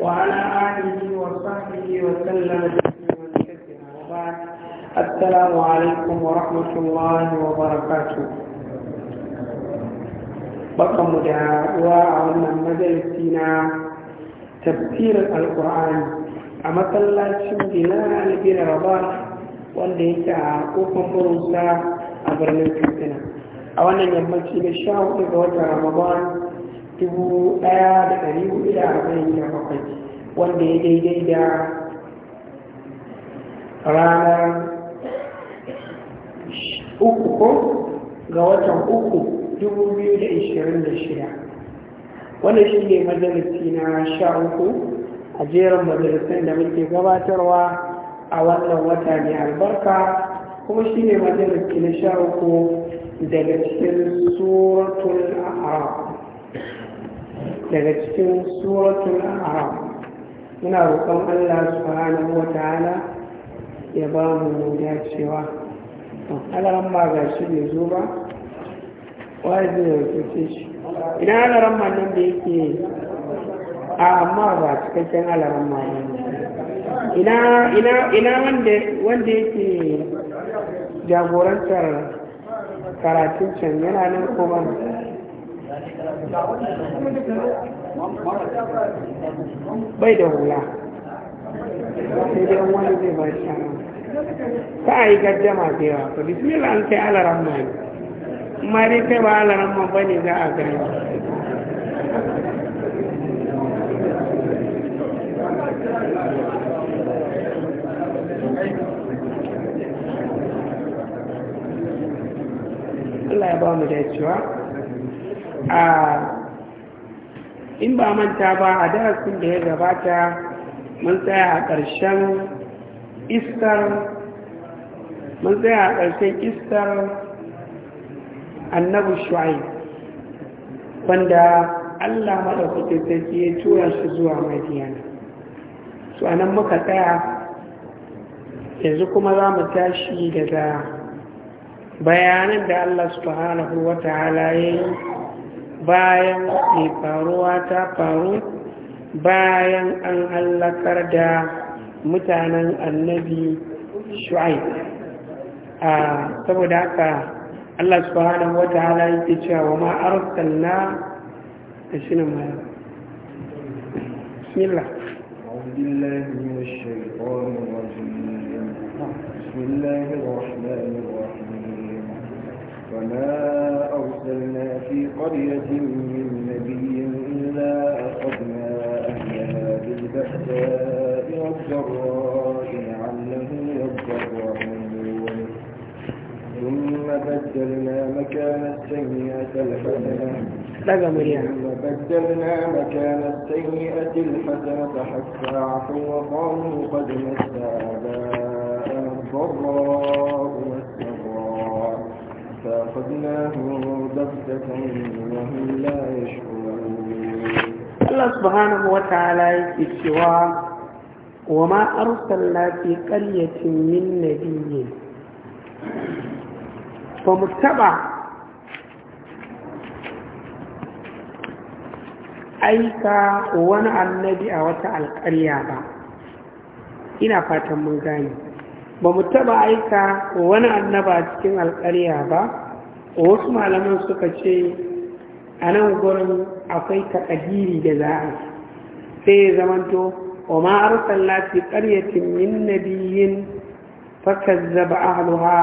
وعلى آله وصحبه وسلم السلام عليكم ورحمة الله وبركاته بقى مجاوة عن فينا تفسير القرآن أما تلا شمدنا لبير رباك وانده جاء أفن فرنسا أبرنا الكتنا أولا يمتشي بشاوة رمضان dubu ɗaya da ɗari hudu da arba'in da bakwai wanda ya daidai da ranar uku ko ga watan uku dubu biyu da ishirin da shida wanda shi ne majalisi na sha uku a jerin majalisan da muke gabatarwa a wannan wata mai albarka kuma shi ne majalisi na sha uku daga cikin suratul arab daga cikin suratul a'raf muna roƙon Allah subhanahu wa ta'ala ya ba mu dacewa to alaran ma ga shi bai zo ba wai zai rikice shi idan alaran ma nan da yake a amma ba cikakken alaran ma ne ina ina ina wanda wanda yake jagorantar karatun can yana nan ko ba bai da hula sai dai wani zai ba shi ta a yi gajjama da yawa to bismillah an kai alaran ne kai ba alaran ba za a gani Allah ya ba mu dacewa in ba manta ba a darasin da ya gabata mun tsaya a ƙarshen istar mun tsaya a ƙarshen istar annabu shuwai wanda allah maɗaukacin sarki ya tura shi zuwa madiyana su anan muka tsaya yanzu kuma za mu tashi daga bayanan da allah subhanahu wa ta'ala ya yi bayan mai faruwa ta faru bayan an hallakar da mutanen annabi shu'ai a saboda haka Allah subhanahu wa ta'ala yake cewa wa ma arsalna ashina ma bismillah بالله من الشيطان الرجيم بسم الله الرحمن الرحيم وما أرسلنا في قرية من نبي إلا أخذنا أهلها بالبأساء والضراء لعلهم يضرعون ثم بدلنا مكان السيئة الحسنة ثم بدلنا مكان السيئة الحسنة حتى عفوا وقالوا قد مس آباءنا الضراء والسراء Allah subhanahu wa ta'ala yake cewa wa ma arsalna fi qaryatin min nabiyyin fa mutaba aika wani annabi a wata alƙarya ba ina fatan mun gani ba mu taba aika wani annaba cikin alƙarya ba wasu malaman suka ce a nan gurin akwai takadiri da za a sai ya zamanto wa ma arsalla fi qaryatin min nabiyyin fakazzaba ahluha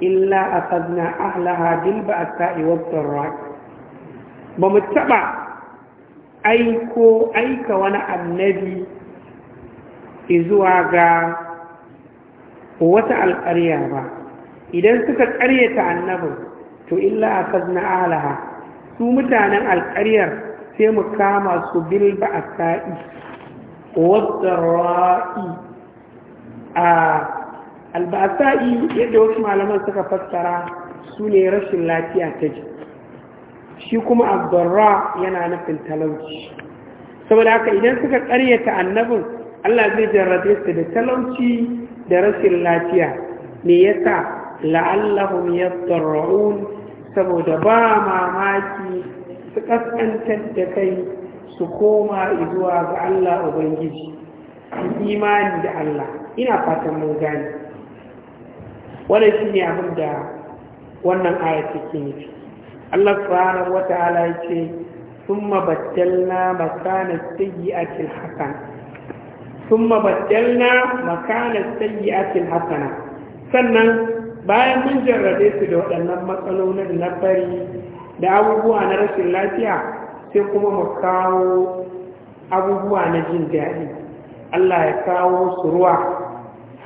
illa akhadna ahlaha bil ba'sa'i wad darra ba mu taba aiko aika wani annabi izuwa ga ko wata alƙarya ba idan suka ƙaryata annabin to illa akhadna alaha su mutanen alƙaryar sai mu kama su bil ba'sa'i wadarra'i a alba'asa'i, yadda wasu malaman suka fassara su ne rashin lafiya ta jiki shi kuma abdurra yana nufin talauci saboda haka idan suka ƙaryata annabin Allah zai jarrabe su da talauci da rashin lafiya me yasa la'allahum yaddarra'un saboda ba mamaki su kaskantar da kai su koma zuwa ga Allah Ubangiji imani da Allah ina fatan mun gane wannan shine abin da wannan aya take nufi Allah subhanahu wata'ala yace thumma battalna a sayyi'atil hasan thumma baddalna makana sayyi'atil hasana sannan bayan mun jarrabe su da waɗannan matsalolin na fari da abubuwa na rashin lafiya sai kuma mu kawo abubuwa na jin daɗi Allah ya kawo su ruwa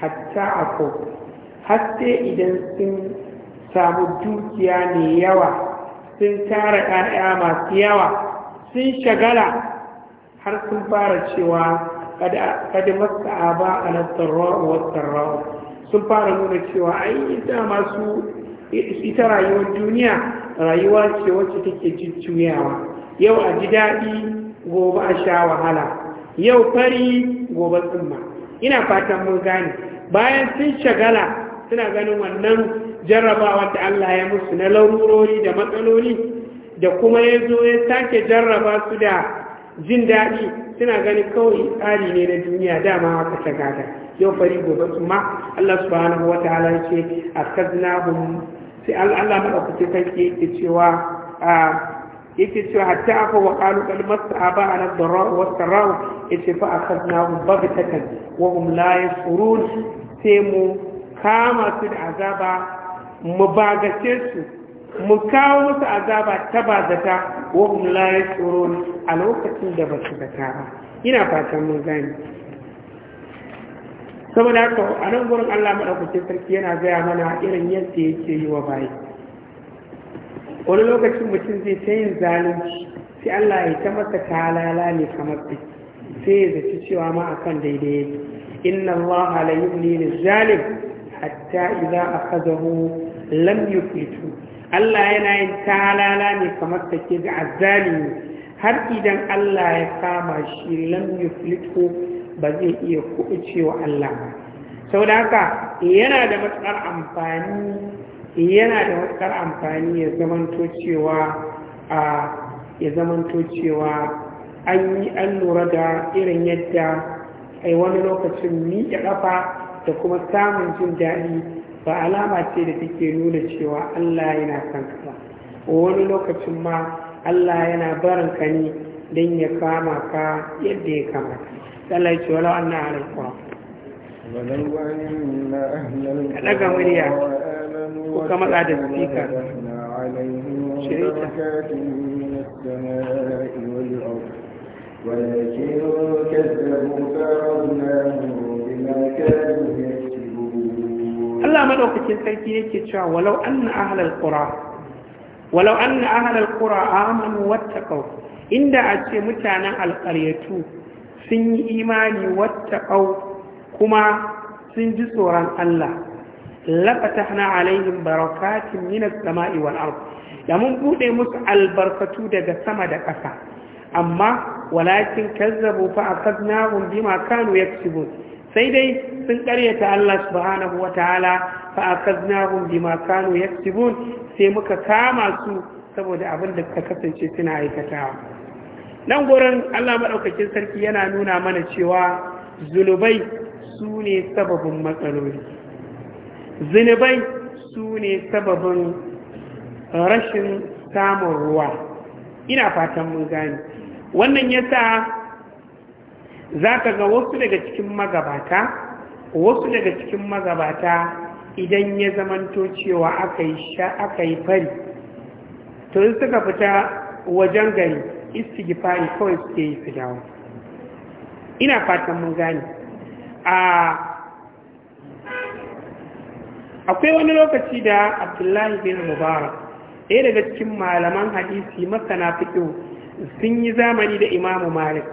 hatta a har sai idan sun samu dukiya mai yawa sun tara ‘ya'ya masu yawa sun shagala har sun fara cewa kada aba a ba a nasarwa sun fara nuna cewa ai dama su ita rayuwar duniya rayuwa ce wacce take jujjuyawa yau a ji daɗi gobe a sha wahala yau fari gobe tsumma ina fatan mun gane bayan sun shagala suna ganin wannan jarrabawa da Allah ya musu na larurori da matsaloli da kuma ya zo ya sake jarraba su da jin daɗi suna ganin kawai tsari ne na duniya dama haka ta gada yau fari gobe su ma Allah subhanahu wa ta'ala yake akaznahum sai Allah madaukake sarki yake cewa ah, yake cewa hatta aka wa qalu bal a nan dharra wa ya ce fa akhadnahum baghtatan wa hum la yashurun sai mu kama su da azaba mu bagace su mu kawo musu azaba ta ba zata wa hum a lokacin da ba su zata ba ina fatan mun gani saboda haka a nan gurin Allah madaukakin sarki yana gaya mana irin yadda yake yi wa bayi wani lokacin mutum zai ta yin zalunci sai Allah ya ta masa talala ne kamar ta sai ya zaci cewa ma akan daidai yake inna Allah la yumli lil zalim hatta idza akhadahu lam yufitu Allah yana yin talala ne kamar take ga azzalimi har idan Allah ya kama shi lam yuflitu ba zai iya kuɓucewa Allah ba sau da haka yana da matsar amfani yana da matsar amfani ya zamanto cewa a ya zamanto cewa an yi an lura da irin yadda a wani lokacin miƙe ƙafa da kuma samun jin daɗi ba alama ce da take nuna cewa Allah yana kan ka wani lokacin ma Allah yana barin ka ne don ya kama ka yadda ya kamata Sallai ce wala anna alaikum ولو أن أهل ko وآمنوا وفتحنا da بركات ولكن كذبوا فأخذناهم بما كانوا Allah maɗaukacin sarki yake cewa walau anna ahlal qura walau anna ahlal qura amanu ƙau, inda a ce mutanen alƙaryatu sun yi imani ƙau kuma sun ji tsoron Allah lafatahna alaihim barakatin minas sama'i wal ard da mun buɗe musu albarkatu daga sama da ƙasa amma walakin kazzabu fa akhadnahum bima kanu yaksubun sai dai sun karyata Allah subhanahu ta'ala fa akaznahum bima kanu yaktubun sai muka kama su saboda abin da suka kasance suna aikatawa nan gurin Allah madaukakin sarki yana nuna mana cewa zunubai su ne sababin matsaloli zunubai sune ne sababin rashin samun ruwa ina fatan mun gane wannan yasa za ka ga wasu daga cikin magabata wasu daga cikin magabata idan ya zamanto cewa aka yi fari to yi suka fita wajen gari fari kawai suke yi su dawo ina fatan mun gani a akwai wani lokaci da abdullahi bin mubarak ɗaya daga cikin malaman hadisi masana fito sun yi zamani da imamu malik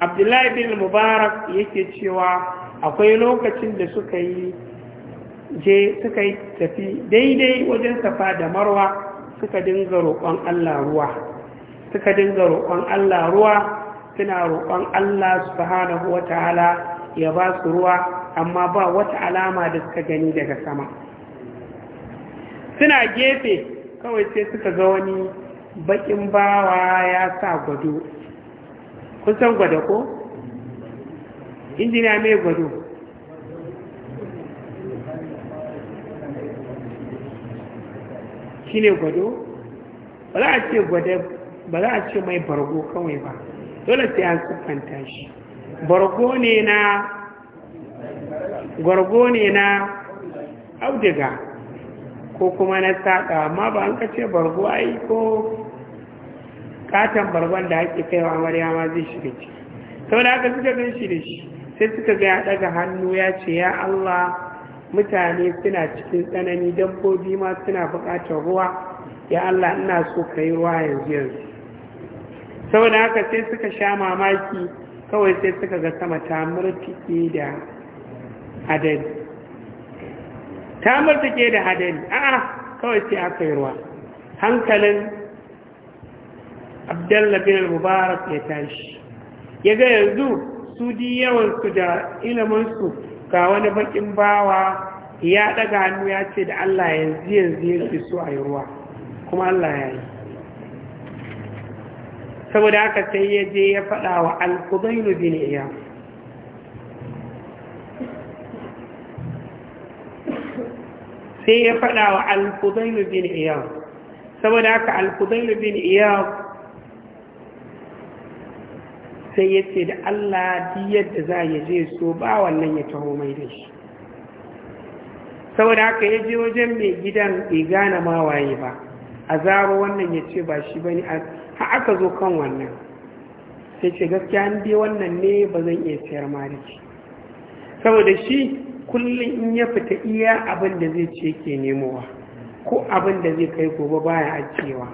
abdullahi bin mubarak yake cewa akwai lokacin da suka yi je suka yi tafi daidai wajen safa da marwa suka dinga roƙon allah ruwa suka dinga roƙon allah ruwa suna roƙon allah subhanahu wa ta'ala ya ba su ruwa amma ba wata alama da suka gani daga sama suna gefe kawai sai suka ga wani bakin bawa ya sa gudu. Kusan gwada ko injiniya mai gwado shi ne gwado ba za a ce mai bargo kawai ba dole sai an siffanta shi bargo ne na gwargo ne na auduga ko kuma na saƙa amma ba an kace bargo ai ko katon barban da ake kaiwa amarya ma zai shiga ciki sau da aka suka gan shi da shi sai suka ga ya daga hannu ya ce ya Allah mutane suna cikin tsanani dabbobi ma suna buƙatar ruwa ya Allah ina so ka yi ruwa yanzu yanzu saboda haka sai suka sha mamaki kawai sai suka ga sama ta murtike da hadari ta murtike da hadari a'a kawai sai aka yi ruwa hankalin abdalla bin mubarak ya tashi ya ga yanzu su ji yawansu da iliminsu ga wani bakin bawa ya daga hannu ya ce da Allah yanzu yanzu fi so a yi ruwa kuma Allah ya yi saboda haka sai ya je ya fada wa alkubainu bin iya sai ya fada wa alkubainu bin iya saboda haka alkubainu bin iya sai ya ce da Allah yadda za a je so ba wannan ya taho mai da shi saboda haka ya je wajen mai gidan bai gane mawaye ba a zaro wannan ya ce ba shi ba ne a aka zo kan wannan sai ce gaskiya an dai wannan ne ba zan iya sayar ma da shi saboda shi kullum in ya fita iya abin da zai ce ke nemowa ko abin da zai kai gobe baya ajiyewa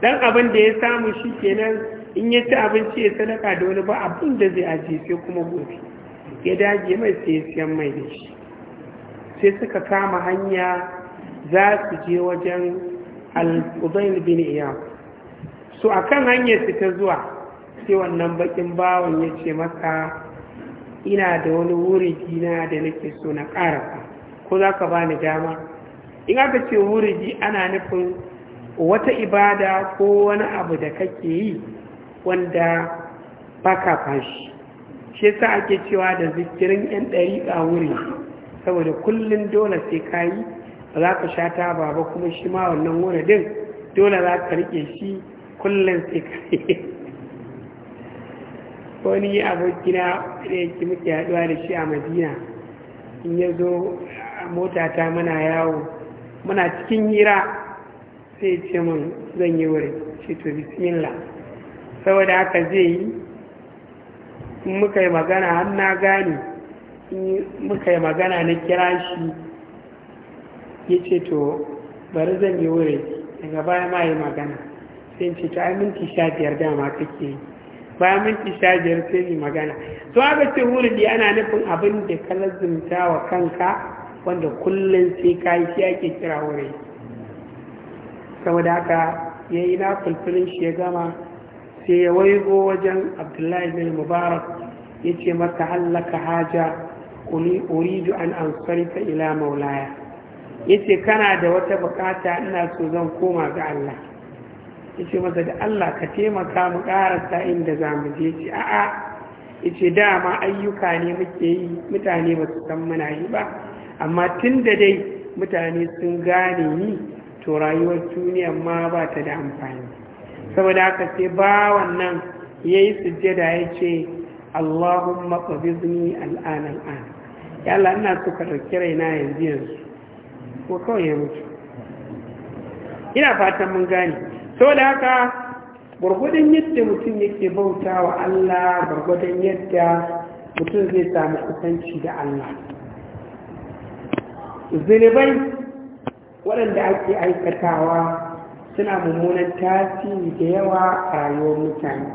dan abin da ya samu shi kenan in ya ci abinci ya sadaka da wani ba abin da zai ajiye sai kuma gobe ya dage mai sai ya siyan mai da shi sai suka kama hanya za su je wajen al-uzail bin iyam so akan hanyar su ta zuwa sai wannan bakin bawon ya ce maka ina da wani wuri dina da nake so na ƙara ko za ka bani dama in aka ce wuri ana nufin wata ibada ko wani abu da kake yi wanda baka fashi shi yasa ake cewa da zikirin yan a wuri saboda kullum dole sai ka yi ba za ka sha taba ba kuma shi ma wannan din dole za ka riƙe shi kullum sai ka yi wani abokina da yake muke haɗuwa da shi a madina in ya zo mota ta muna yawo muna cikin hira sai ce mun zan yi wuri ce to bismillah saboda haka zai yi muka yi magana har na gane muka yi magana na kira shi ya ce to bari zan yi wuri daga baya ma yi magana sai ce to ai minti sha biyar dama kake yi bayan minti sha biyar sai yi magana to aka ce wuri ana nufin abin da ka lazumta wa kanka wanda kullum sai ka yi shi ake kira wuri saboda haka ya yi na fulfilin shi ya gama ce ya waigo wajen abdullahi bin mubarak ya ce maka hallaka haja uridu an ta ila maulaya ya ce kana da wata bukata ina so zan koma ga Allah ya ce masa da Allah ka taimaka mu karasa inda za mu je ce a'a ya ce dama ayyuka ne muke yi mutane ba su san muna yi ba amma tun da dai mutane sun gane ni to rayuwar duniya ma ba ta da amfani saboda haka sai ba wannan ya yi sujjada ya ce allahun qabizni al'anan an ya Allah ina ka ɗauki raina yanzu yanzu ko kawai ya mutu ina fatan mun gane saboda haka gwargwadon yadda mutum yake bauta wa Allah gwargwadon yadda mutum zai samu kusanci da Allah zunubai waɗanda ake aikatawa suna mummunan tasiri da yawa a rayuwar mutane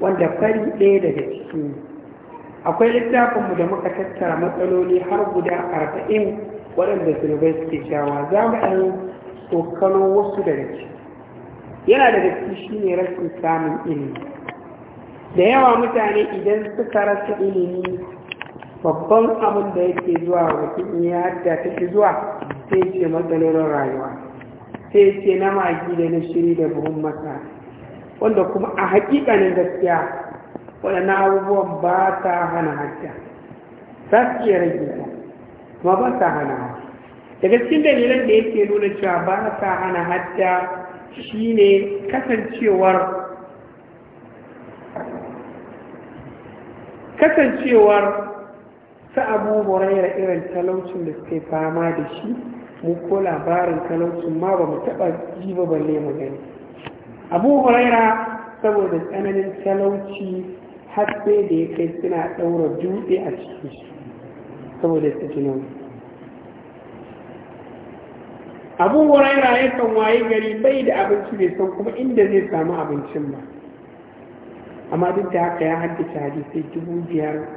wanda fari ɗaya daga ciki akwai littafinmu da muka tattara matsaloli har guda arba'in waɗanda zunubai suke shawa za mu ɗan tsokano wasu daga ciki yana daga ciki shine rashin samun ilimi da yawa mutane idan suka rasa ilimi babban abin da yake zuwa mutum ya haddata ke zuwa sai ce matsalolin rayuwa sai ce na magi da na shiri da buhun mata wanda kuma a hakikanin gaskiya waɗannan abubuwan ba sa hana hajja za su iya rage ta kuma ba sa hana hajja daga cikin dalilan da yake nuna cewa ba sa hana hajja shine kasancewar kasancewar sa abu irin talaucin da suke fama da shi mu ko labarin talaucin ma ba mu taɓa ji ba balle mu gani abu huraira saboda tsananin talauci har sai da ya kai suna ɗaura dutse a cikin shi saboda su ji abu huraira yakan waye gari bai da abinci bai san kuma inda zai samu abincin ba amma duk da haka ya haddace hadisai dubu biyar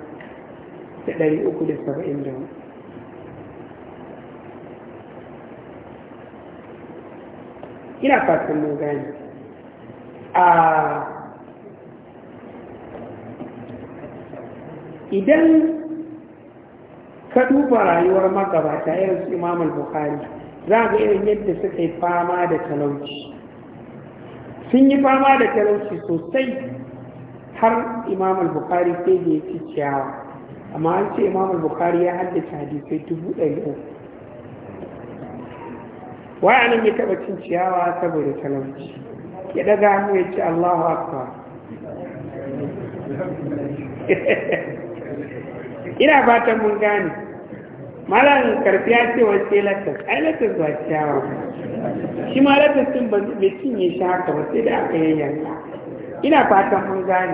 da ɗari uku da saba'in da hudu ina fatan mun gani a idan ka duba rayuwar magabata irin su imam al-bukhari za ga irin yadda suka yi fama da talauci sun yi fama da talauci sosai har imam al-bukhari sai da ya ci ciyawa amma an ce imam al-bukhari ya haddace hadisai dubu ɗari waya nan ya taɓa cin ciyawa saboda talauci ya daga hannu ya ce allahu akbar ina fatan mun gane malam karfi ya ce sai latas ai latas ba ciyawa shi ma latas din ba bai cinye shi haka ba sai da aka yayyanka ina fatan mun gane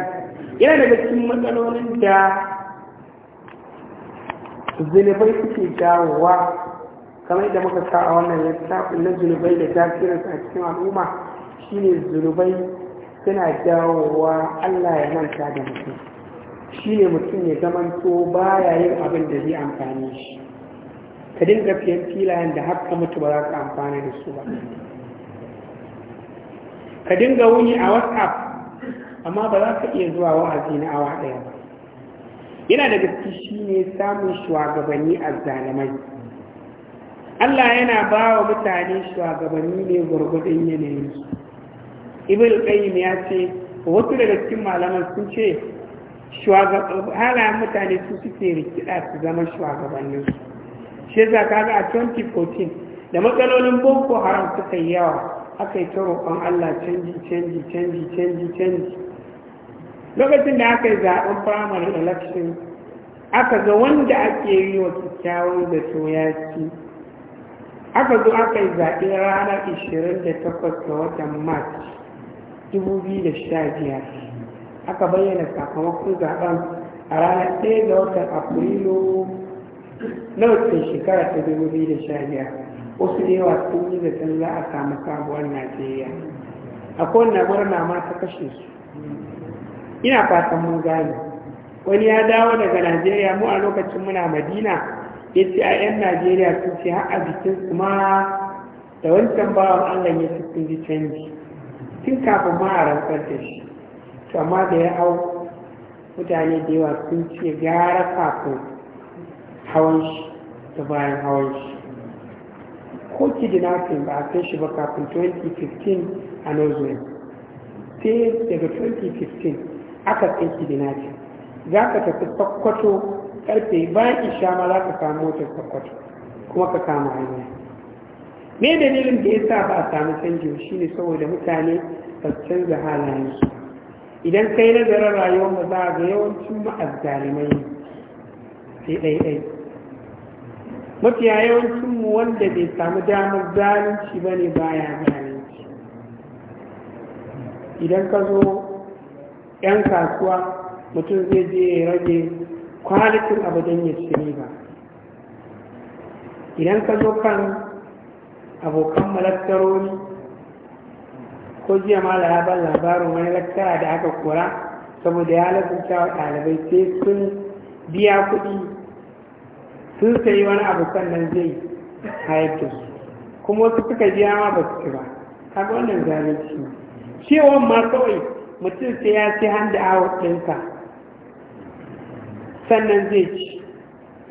yana daga cikin matsalolin da zunubai suke jawowa kamar da muka sa a wannan littafin na zunubai da tasirinsa a cikin al'umma shine zunubai suna jawowa Allah ya manta da mutum shine mutum ya zamanto baya yin abin da zai amfani shi ka dinga fiyan filayen da har mutu ba za ka amfana da su ba ka dinga wuni a whatsapp amma ba za ka iya zuwa wa'azi na awa ɗaya ba yana da gaske shine samun shugabanni a zalamai. Allah yana ba wa mutane shugabanni ne gwargwadon yanayin su ibn qayyim ya ce wasu daga cikin malaman sun ce halayen mutane su suke rikida su zama shugabannin su za ka kaga a 2014 da matsalolin boko haram suka yi yawa aka yi ta roƙon Allah canji canji canji canji canji lokacin da aka yi zaɓen primary election aka ga wanda ake yi wa kyakkyawan zato ya ci aka zo aka yi zaɓe ranar 28 ga watan march 2015 aka bayyana sakamakon zaɓen a ranar 1 ga watan afrilu na wata shekara ta 2015 wasu da yawa sun yi zaton za a samu sabuwar najeriya a kowane murna ma ta kashe su ina fatan mun gane wani ya dawo daga najeriya mu a lokacin muna madina yadda a 'yan najeriya sun ce har a bikin su ma da wancan bawan allah ya sun ji canji tun kafin ma a rantsar da shi to amma da ya hau mutane da yawa sun ce gara kafin hawan shi da bayan hawan shi ko kidnapping ba a kai shi ba kafin 2015 a northern sai daga 2015 aka kai kidnapping za ka tafi kwakwato. karfe bayan isha ma za ka samu motar sakwato kuma ka kama hanya me dalilin da ya sa ba a samu canji shi ne saboda mutane ba su canza halayensu idan kai nazarin rayuwar mu za a ga yawancin yi sai ɗaiɗai mafiya yawancin mu wanda bai samu damar zalunci ba ne baya zalunci idan ka zo 'yan kasuwa mutum zai je ya rage kwanakin abu don ya ci ba idan ka zo kan abokan malaktarori ko jiya mala ya ban labarin wani laktara da aka kora saboda ya lakunta wa ɗalibai sai sun biya kuɗi sun sayi wani abu sannan zai hayar su kuma wasu suka biya ma ba su ci ba kaga wannan zalunci cewa ma kawai mutum sai ya ci da awa ɗinka sannan zai ci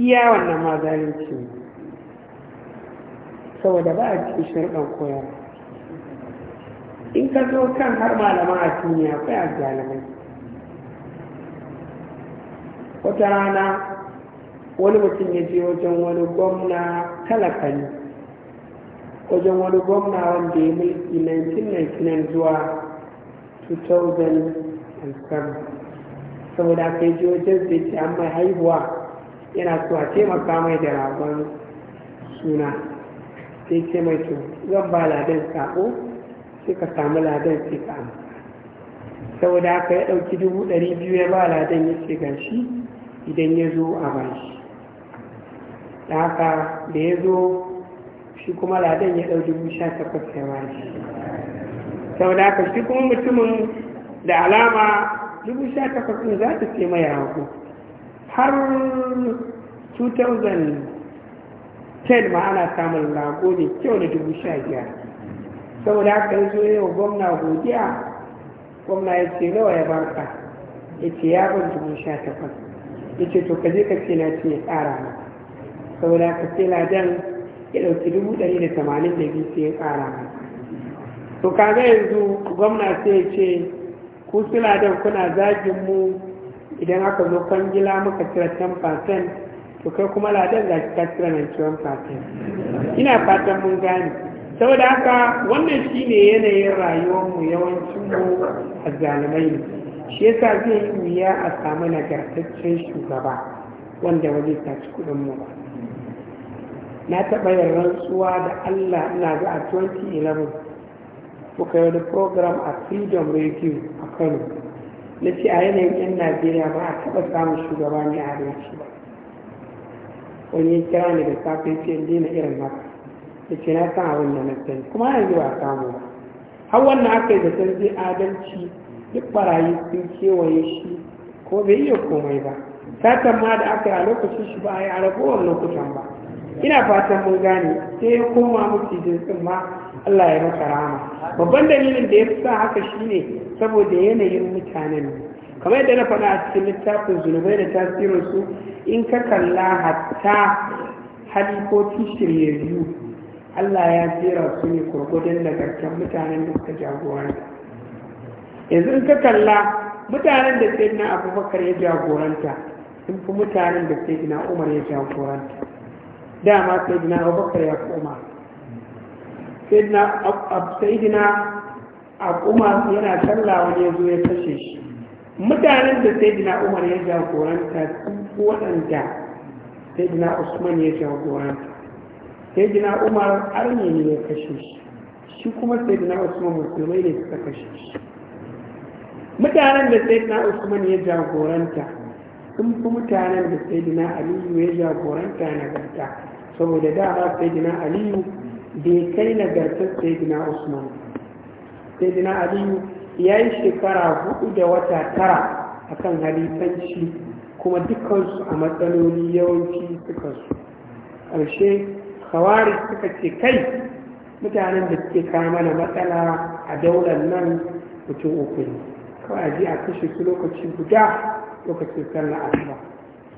iya wannan ma zalunci ne saboda ba a cikin shirɗan koyar in ka zo kan har malama a duniya a azzalamai wata rana wani mutum ya je wajen wani gwamna talaka ne wajen wani gwamna wanda ya mulki 1999 zuwa 2007 saboda aka yi wajen da ke an mai haihuwa yana so a taimaka mai da ragon suna sai ce mai to zan ba ladan sako sai ka samu ladan sai ka amsa saboda aka ya ɗauki dubu ɗari biyu ya ba ladan ya ce gashi idan ya zo a bashi da haka da ya zo shi kuma ladan ya ɗauki dubu sha takwas ya bashi saboda aka shi kuma mutumin da alama dubu sha takwas ɗin za ta ce mai hagu har 2010 ma ana samun lago ne kyau na dubu sha biyar saboda haka yanzu ya wa gwamna godiya gwamna ya ce nawa ya banka ya ce ya ban dubu sha takwas ya ce to ka je ka ce na ce ya tsara ma saboda haka sai ladan ya ɗauki dubu ɗari da tamanin da biyu sai ya tsara ma to kaga yanzu gwamna sai ya ce ku suna dan kuna zagin mu idan aka zo kwangila muka cire 10% to kai kuma ladan ga ka cire 91% ina fatan mun gane saboda haka wannan shine yanayin rayuwar yawancin mu a zalimai ne shi yasa zai yi wuya a samu nagartaccen shugaba wanda waje ta ci kudin mu na taɓa yin rantsuwa da allah ina ga a 2011 Ku yi wani program a freedom radio a kano na ce a yanayin yan najeriya ba a taɓa samun shugaba ne a adalci ba wani ya kira ne da safe ce in daina irin haka ya ce na san abin da na sani kuma yi ba a samu ba har wannan aka yi da san zai adalci duk barayi sun kewaye shi ko bai iya komai ba satan ma da aka yi a lokacin shi ba a yi a rabuwar lokutan ba ina fatan mun gane sai ya koma mutu jinsin ma Allah ya maka rama babban dalilin da ya sa haka shine saboda yanayin mutanen kamar yadda na faɗa a cikin littafin zunubai da tasirinsu in ka kalla hatta halifofi shiryayyu Allah ya jera su ne kurkudin nagartar mutanen da suka jagoranta yanzu in ka kalla mutanen da sai na abubakar ya jagoranta sun fi mutanen da sai na umar ya jagoranta dama sai na abubakar ya fi umar saidina a kuma yana sallah wani ya zo ya kashe shi mutanen da saidina umar ya jagoranta su waɗanda saidina usman ya jagoranta saidina umar arne ne ya kashe shi shi kuma saidina usman musulmai ne suka kashe shi mutanen da saidina usman ya jagoranta sun fi mutanen da saidina aliyu ya jagoranta nagarta saboda dama saidina aliyu bai kai nagartar saidina usman saidina aliyu ya yi shekara hudu da wata tara a kan halittanci kuma dukansu a matsaloli yawanci suka su ƙarshe kawari suka ce kai mutanen da suke kama mana matsala a daular nan mutum uku ne kawai ji a kashe su lokaci guda lokacin sallah asuba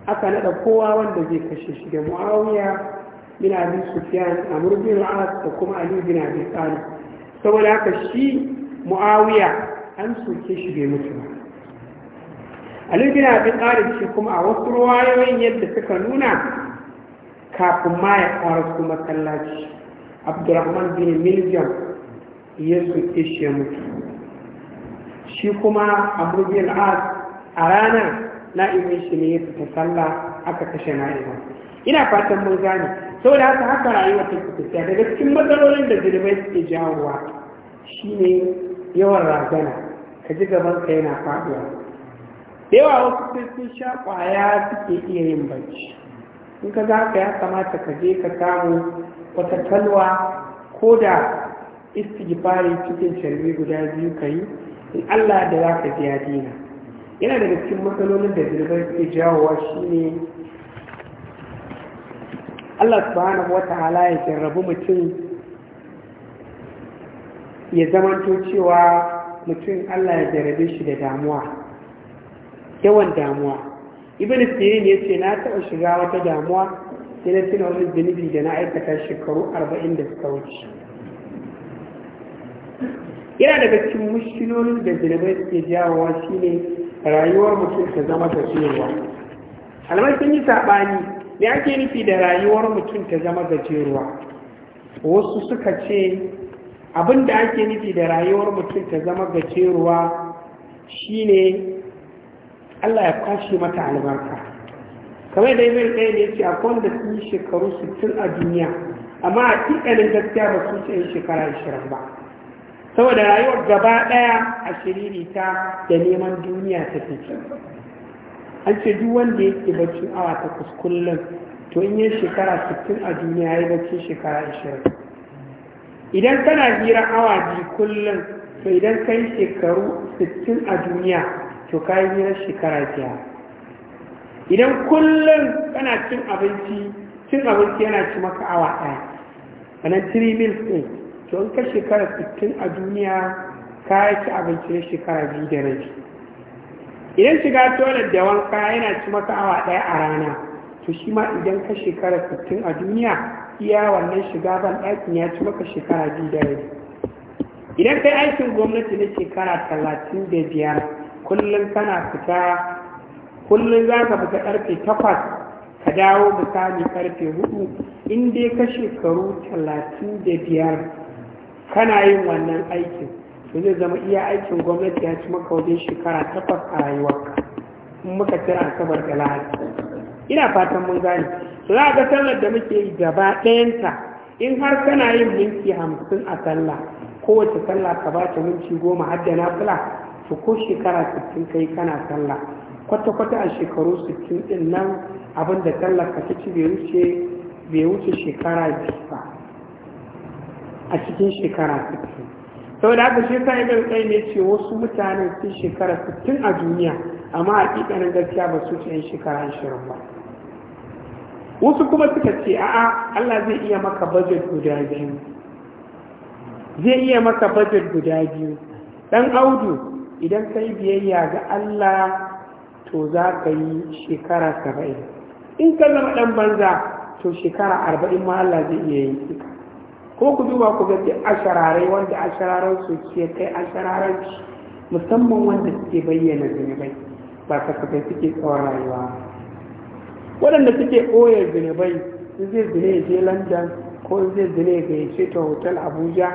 aka naɗa kowa wanda zai kashe shi da muawiya bin abin sufiyan a bin al'ad da kuma ali bin abin talib saboda haka shi muawiya an soke shi bai mutu ba ali bin abin tsarin shi kuma a wasu ruwayoyin yadda suka nuna kafin ma ya fara su masallaci abdurrahman bin miljam ya soke shi ya mutu shi kuma a bin al'ad a rana, na'ibin shi ne ya fita sallah aka kashe na'ibin ina fatan mun gane saboda haka haka rayuwar ta tafiya daga cikin matsalolin da zirbai suke jawowa shine yawan razana ka ji gaban ka yana faɗuwa da yawa wasu sai sun sha ƙwaya suke iya yin bacci in ka za ka ya kamata ka je ka samu wata kalwa ko da istighfari cikin sharbi guda biyu ka yi in Allah da za ka ji ya dina yana daga cikin matsalolin da zirbai suke jawowa shine Allah subhanahu wata ta'ala ya jarrabu mutum ya zamanto cewa mutum Allah ya jarrabe shi da damuwa yawan damuwa ibn sirin ya ce na taɓa shiga wata damuwa sai na tuna wani zunubi da na aikata shekaru arba'in da suka wuce yana daga cikin mushkilolin da zunubai suke jawowa shine rayuwar mutum ta zama tafiyarwa almai sun yi saɓani me ake nufi da rayuwar mutum ta zama gajeruwa wasu suka ce abin da ake nufi da rayuwar mutum ta zama gajeruwa shine Allah ya kwashe mata albarka kamar da ibn kai ne ce akwai da sun yi shekaru tun a duniya amma a ƙiƙanin gaskiya ba su ce shekara ashirin ba saboda rayuwar gaba ɗaya a shiriri ta da neman duniya ta fi an ce duk wanda yake bacci awa takwas kullum to in yi shekara 60 a duniya ya yi bacci shekara 20 idan kana hira awa biyu kullum to idan kai shekaru 60 a duniya to ka yi hirar shekara biyar idan kullum kana cin abinci cin abinci yana ci maka awa ɗaya wannan 3 mil ɗin to in ka shekara 60 a duniya ka yi ci abinci na shekara biyu da rabi idan shiga tolar da wanka yana ci maka awa ɗaya a rana to shi ma idan ka shekara sittin a duniya iya wannan shiga ban ɗakin ya ci maka shekara biyu da rabi idan kai aikin gwamnati na shekara talatin da biyar kullum kana fita kullum za ka fita karfe takwas ka dawo misali ƙarfe hudu in dai ka shekaru talatin da biyar kana yin wannan aikin to zai zama iya aikin gwamnati ya ci maka wajen shekara takwas a rayuwarka in muka tira asabar da lahadi ina fatan mun gane to za ga sallar da muke yi gaba ɗayanta in har kana yin minti hamsin a sallah kowace sallah ka ba ta minti goma har da fula to ko shekara sittin kai kana sallah kwata-kwata a shekaru sittin ɗin nan abin da sallar ka ta ci bai wuce bai wuce shekara biyu ba a cikin shekara sittin da haka shi sa ibn qayyim ne ce wasu mutane sun shekara 60 a duniya amma a hakikanin gaskiya ba su ce shekara 20 ba wasu kuma suka ce a'a Allah zai iya maka budget guda biyu zai iya maka budget guda biyu dan audu idan kai biyayya ga Allah to za ka yi shekara 70 in ka zama dan banza to shekara arba'in ma Allah zai iya yi ko ku duba ku ga shararai wanda shararar su ke kai ashararan musamman wanda suke bayyana zunubai ba kasafai suke tsawon rayuwa waɗanda suke ɓoye zunubai zai zune ya je london ko zai zune ya gayyace ta hotel abuja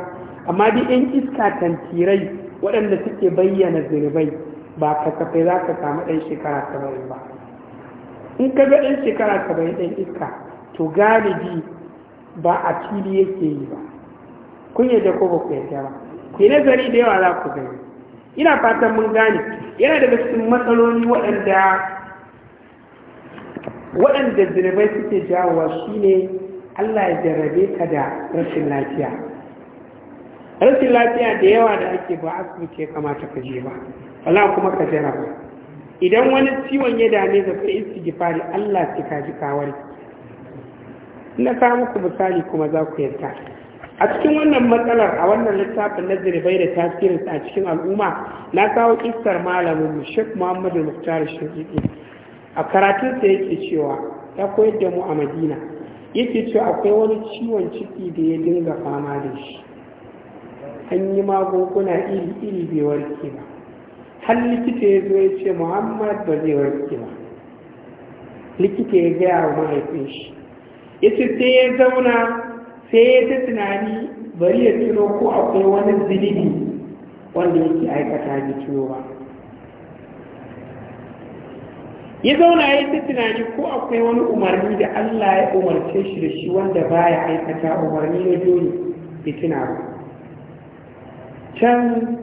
amma dai yan iska tantirai waɗanda suke bayyana zunubai ba kasafai za ka samu ɗan shekara saba'in ba in ka ga ɗan shekara saba'in ɗan iska to galibi ba a fili yake yi ba kun yi ko ba ku yadda ba ku yi nazari da yawa za ku gani ina fatan mun gane yana daga cikin matsaloli waɗanda waɗanda zunubai suke jawowa ne, Allah ya jarabe ka da rashin lafiya rashin lafiya da yawa da ake ba asibiti ya kamata ka je ba wala kuma ka jarraba idan wani ciwon ya dame ka kai Allah ka ji kawarki na kawo muku misali kuma za ku yarda a cikin wannan matsalar a wannan littafin na zirbai da tasirinsa a cikin al'umma na kawo kistar malamin shek muhammadu muftar shirgidi a karatun sa yake cewa ya koyar da mu a madina yake cewa akwai wani ciwon ciki da ya dinga fama da shi an yi magunguna iri-iri bai warke ba har likita ya zo ya ce muhammad ba zai warke ba likita ya gaya wa mahaifin shi ya ce sai ya zauna sai ya ta tunani bari ya tuno ko akwai wani zunubi wanda yake aikata ya tuno ya zauna ya ta tunani ko akwai wani umarni da Allah ya umarce shi da shi wanda ba ya aikata umarni na dole ya tuna ba can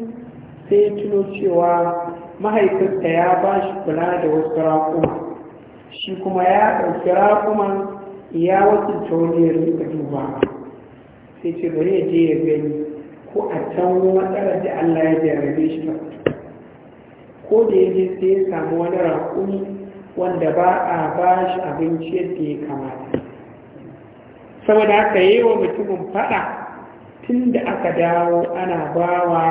sai ya tuno cewa mahaifinta ya ba shi kula da wasu raƙuma shi kuma ya ɗauki rakuman ya wasu wani ya rika duba sai ce bari ya je ya gani ko a can matsalar da Allah ya jarabe shi ta ko da ya je sai ya samu wani raƙumi wanda ba a ba shi abinci yadda ya kamata saboda aka yi wa mutumin faɗa, tun da aka dawo ana bawa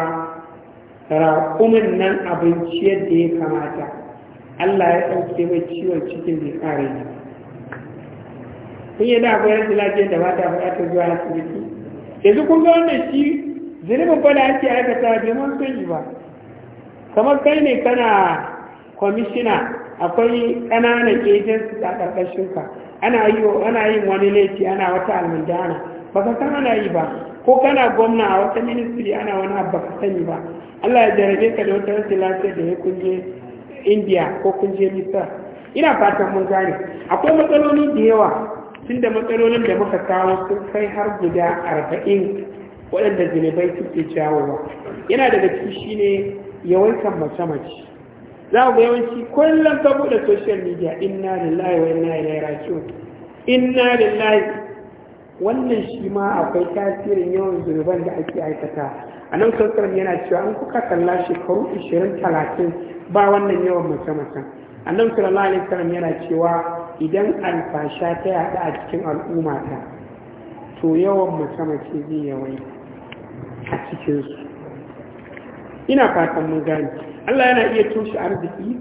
raƙumin nan abinci yadda ya kamata Allah ya ɗauke mai ciwon cikin zai ƙare ne in yi na akwai lafiyar da mata ta zuwa asibiti yanzu kun ga wannan shi zunubin fa da ake aikata bai man son ba kamar kai ne kana kwamishina akwai ƙananan agency a ƙarƙashin ka ana yi ana yin wani laifi ana wata almundana baka san ana yi ba ko kana gwamna a wata ministry ana wani abu baka sani ba Allah ya jarabe ka da wata rashin lafiyar da ya kunje India ko kunje Misra ina fatan mun gane akwai matsaloli da yawa tunda matsalolin da muka kawo sun kai har guda arba'in waɗanda zunubai suke jawowa yana daga ciki ne yawancin mace-mace za ku yawanci kullum ka buɗe social media inna lillahi wa inna ilaihi raji'un inna lillahi wannan shi ma akwai tasirin yawan zunuban da ake aikata a nan sassan yana cewa an kuka kalla shekaru 20 30 ba wannan yawan mace mace A sallallahu alaihi wasallam yana cewa idan alfasha ta yaɗa a cikin al'umma ta, to yawan mace-mace zai yawai a cikinsu ina fatan mun gani Allah yana iya toshe arziki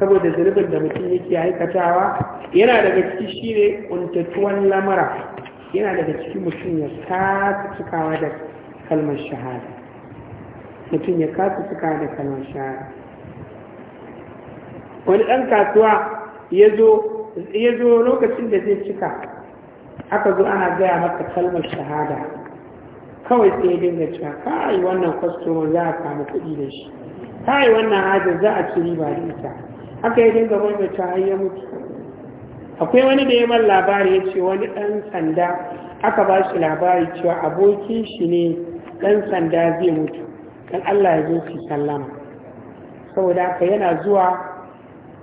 saboda zunubin da mutum yake haikatawa yana daga ciki shi ne kuntattuwan lamara yana daga ciki mutum ya kasa cikawa da kalmar shahada mutum ya kasa cikawa da kalmar shahada wani ɗan kasuwa ya zo lokacin da zai cika aka zo ana gaya maka kalmar shahada kawai tsaye ya dinga cewa kai wannan kwastomar za a samu kuɗi da shi kai wannan hajjar za a ci riba da ita aka ya dinga maimaita har ya mutu akwai wani da ya man labari ya ce wani ɗan sanda aka ba shi labari cewa abokin shi ne ɗan sanda zai mutu dan Allah ya zo su sallama saboda haka yana zuwa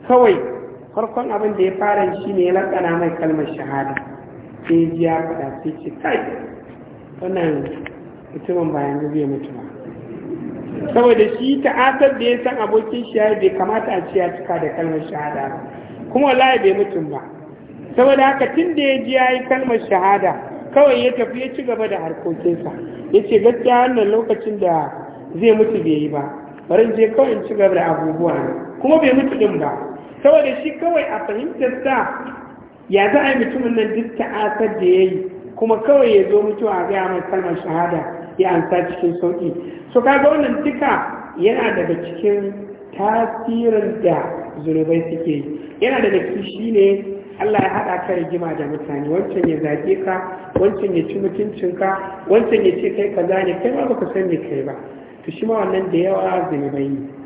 kawai farkon abin da ya fara shi ne ya lakana mai kalmar shahada ke ji ya faɗa sai ce kai wannan mutumin bayan zai mutu saboda shi asar da ya san abokin shi bai kamata a ce ya cika da kalmar shahada ba kuma wallahi bai mutum ba saboda haka tun da ya ji ya yi kalmar shahada kawai ya tafi ya ci gaba da harkokinsa ya ce gaskiya wannan lokacin da zai mutu bai yi ba bari je kawai in ci gaba da abubuwa kuma bai mutu din ba saboda shi kawai a fahimtar sa ya za a yi mutumin nan duk ta'asar da ya yi kuma kawai ya zo mutuwa a gaya mai kalmar shahada ya ansa cikin sauƙi so ga wannan duka yana daga cikin tasirin da zunubai suke yi yana daga cikin shi ne Allah ya haɗa ka rigima da mutane wancan ya zaƙe ka wancan ya ci mutuncinka wancan ya ce kai kaza ne kai ma baka san ni kai ba to shi ma wannan da yawa zunubai ne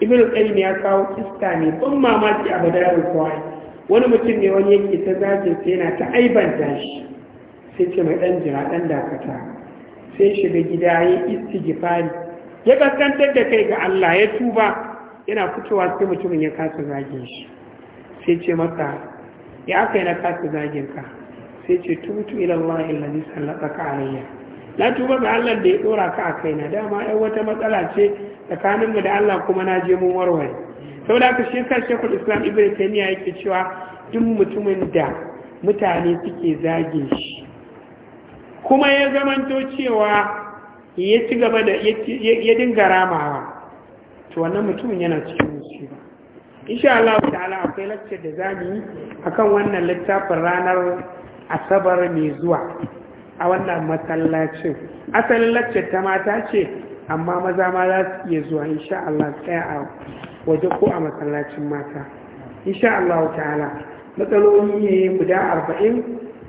ibn qayyim ya kawo kista ne ban mamaki a badarul qawaid wani mutum ne wani yake ta zaje sai yana ta aibanta shi sai ce mai dan jira dan dakata sai shiga gida ya istighfari ya kaskantar da kai ga Allah ya tuba yana fitowa sai mutumin ya kasa zagin shi sai ce masa ya aka yi na kasa zagin ka sai ce tutu ila Allah illazi sallaka alayya na tuba ga Allah da ya dora ka a kaina dama ai wata matsala ce mu da Allah kuma na je mun warware saboda haka shi kan shekul islam ibn taymiya yake cewa duk mutumin da mutane suke zage shi kuma ya zamanto cewa ya ci gaba da ya dinga ramawa to wannan mutumin yana cikin musiba insha Allah ta'ala akwai lecture da zamu yi akan wannan littafin ranar asabar mai zuwa a wannan masallacin asalin lecture ta mata ce amma maza ma za su iya zuwa insha Allah tsaya a waje ko a masallacin mata insha Allah ta'ala matsaloli ne guda arba'in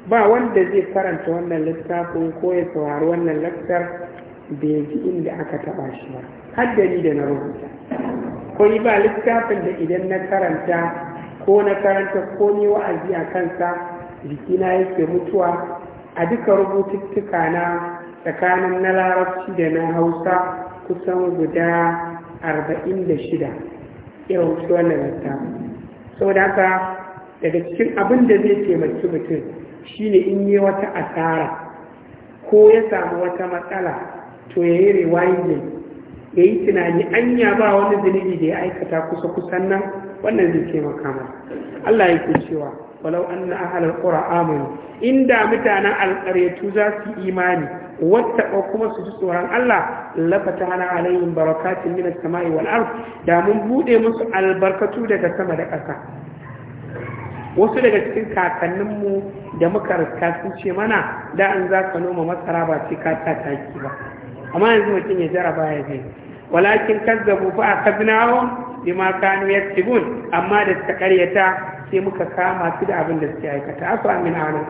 ba wanda zai karanta wannan littafin ko ya saurari wannan lakcar da ya ji inda aka taɓa shi ba haddari da na rubuta kwai ba littafin da idan na karanta ko na karanta ko ni wa'azi a kansa jikina yake mutuwa a duka rubututtuka na tsakanin na larabci da na hausa kusan guda arba'in da shida irin su wannan sau da haka daga cikin abin da zai taimaki mutum shine in yi wata asara ko ya samu wata matsala to ya yi rewinding ya yi tunani anya ba wani zunubi da ya aikata kusa kusan nan wannan zai taimaka ma. Allah ya ke cewa walau na ahalar qura amanu inda mutanen alƙaryatu za su imani wattaqaw kuma su ji tsoron Allah lafatana alaihim barakatun minas samai wal ard da mun bude musu albarkatu daga sama da ƙasa wasu daga cikin kakannin mu da muka riska sun ce mana da an za ka noma masara ba sai ka ta taki ba amma yanzu mutum ya jaraba ya je walakin kazzabu fa akadnahum bima kanu yaktubun amma da ta karyata sai muka kama su da abin da suke aikata afa min anan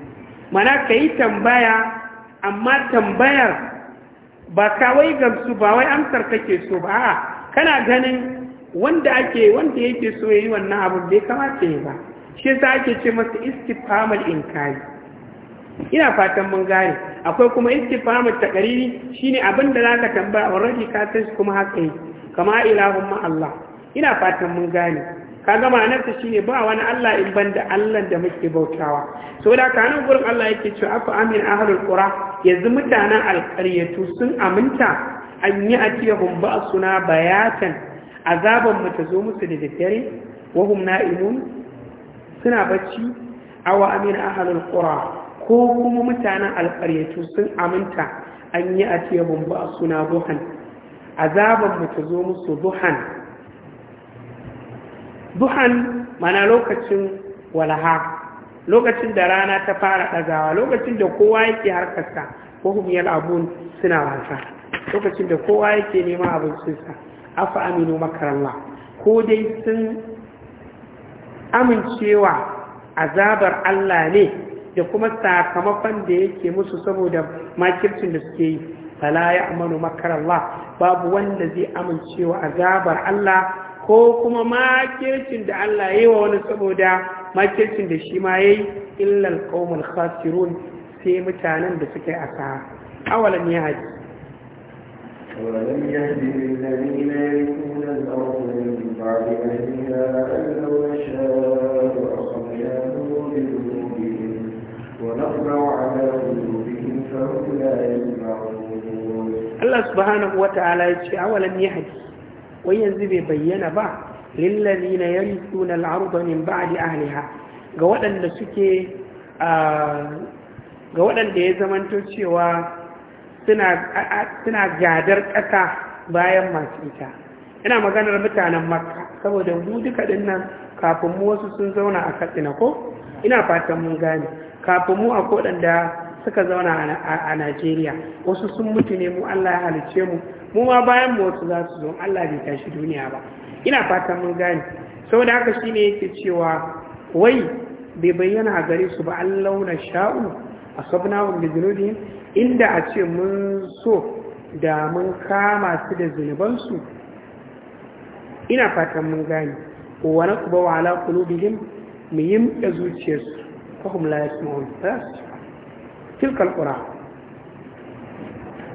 mana ka yi tambaya amma tambayar ba kawai gamsu ba wai amsar kake so ba a kana ganin wanda ake wanda yake so ya yi wannan abin bai kamata ya ba shi sa ake ce masa in kari ina fatan mun gane akwai kuma ta ƙariri shi ne abin da za ka tambaya already ka san kuma haka yi kama ilahumma Allah ina fatan mun gane Ka kaga ta shine ba wani Allah in banda Allah da muke bautawa saboda ka nan gurin Allah yake cewa aku amin ahlul qura yanzu mutanen alqaryatu sun aminta an yi atiyahum suna bayatan azaban mu ta zo musu da dare, wa hum na'imun suna bacci awa amin ahlul qura ko kuma mutanen alqaryatu sun aminta an yi atiyahum ba'suna duhan azaban mu ta zo musu duhan duhan mana lokacin walaha lokacin da rana ta fara ɗagawa lokacin da kowa yake harkarsa ko humiyar abun suna wasa lokacin da kowa yake neman abincinsa afa aminu makarallah ko dai sun amincewa azabar Allah ne da kuma sakamakon da yake musu saboda makircin da suke yi fala ya amanu makarallah babu wanda zai amincewa azabar Allah ko kuma makircin da Allah ya yi wa wani saboda makircin da shi ma ya yi illal qaumul khasirun sai mutanen da suke asara awalan ya haji ولم يهد الذين يرثون الأرض من بعد أهلها أن لو wai yanzu bai bayyana ba lillazina na al-ardha ba a ahliha ga waɗanda suke ga waɗanda ya zamanto cewa suna gadar ƙasa bayan masu ita ina maganar mutanen maka saboda mu duka dinnan kafin mu wasu sun zauna a katsina ko ina fatan mun gane kafin mu a koɗanda suka zauna a najeriya wasu sun mutu ne mu allah ya halice mu mu ma bayan mu wasu za su zo Allah bai tashi duniya ba ina fatan mun gane saboda haka shine yake cewa wai bai bayyana a gare su ba Allah launa sha'u a sabnawun da zunubin inda a ce mun so da mun kama su da zunubansu ina fatan mun gane wani kuma wa ala kulubihim mu yimɗa zuciyarsu hum la yasma'un tilkal qura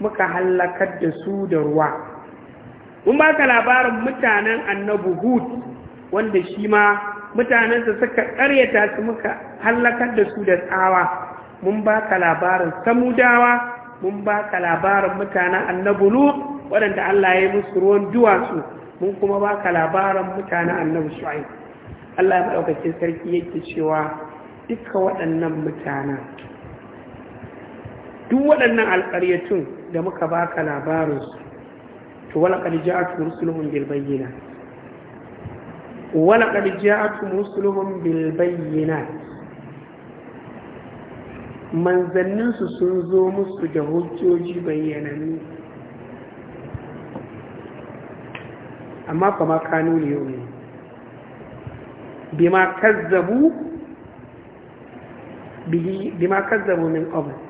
muka hallakar da su da ruwa mun baka labarin mutanen annabu hud wanda shi ma mutanensa suka karyata su muka hallakar da su da tsawa mun baka labarin samudawa mun baka labarin mutanen annabu lu waɗanda Allah ya yi musu ruwan duwatsu mun kuma baka labarin mutanen annabu shu'aib Allah ya maɗaukacin sarki yake cewa duka waɗannan mutanen duk waɗannan alƙaryatun da muka baka su, to wala qad ja'atuhum rusuluhum bil bayyinat wala qad ja'atuhum rusuluhum bil bayyinat manzanninsu sun zo musu da hujjoji bayyananni amma kuma kanu ne yau ne bima kazzabu bima kazzabu min qabl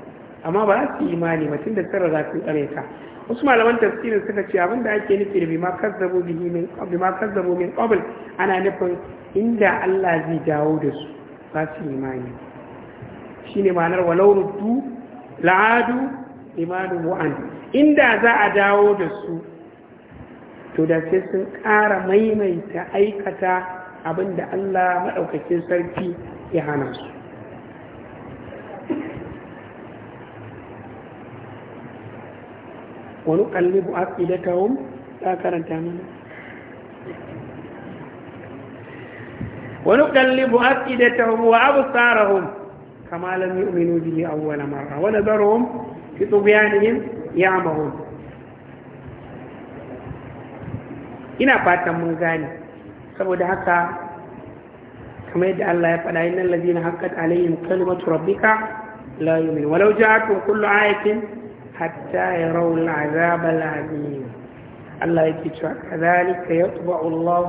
amma ba za su yi imani ba tunda sun za su tsare ka wasu malaman tafsirin suka ce abin da ake nufi da bima kazzabu bihi min min qabl ana nufin inda Allah zai dawo da su za su yi imani shine ma'anar walau ruddu la'adu imanu wa'an inda za a dawo da su to da sai sun ƙara maimaita aikata abin da Allah maɗaukakin sarki ya hana su wani kallibu afidatahum ta karanta mana wani kallibu afidatahum wa abu absarahum kama lam yu'minu bihi awwal marra wa nadharuhum fi tughyanihim ya'mahun ina fatan mun gane saboda haka kamar yadda Allah ya faɗa innal ladina haqqat alaihim kalimatu rabbika la yu'minu walau ja'atkum kullu ayatin hatta ya a azabal alim Allah yake cewa yi tuba Allah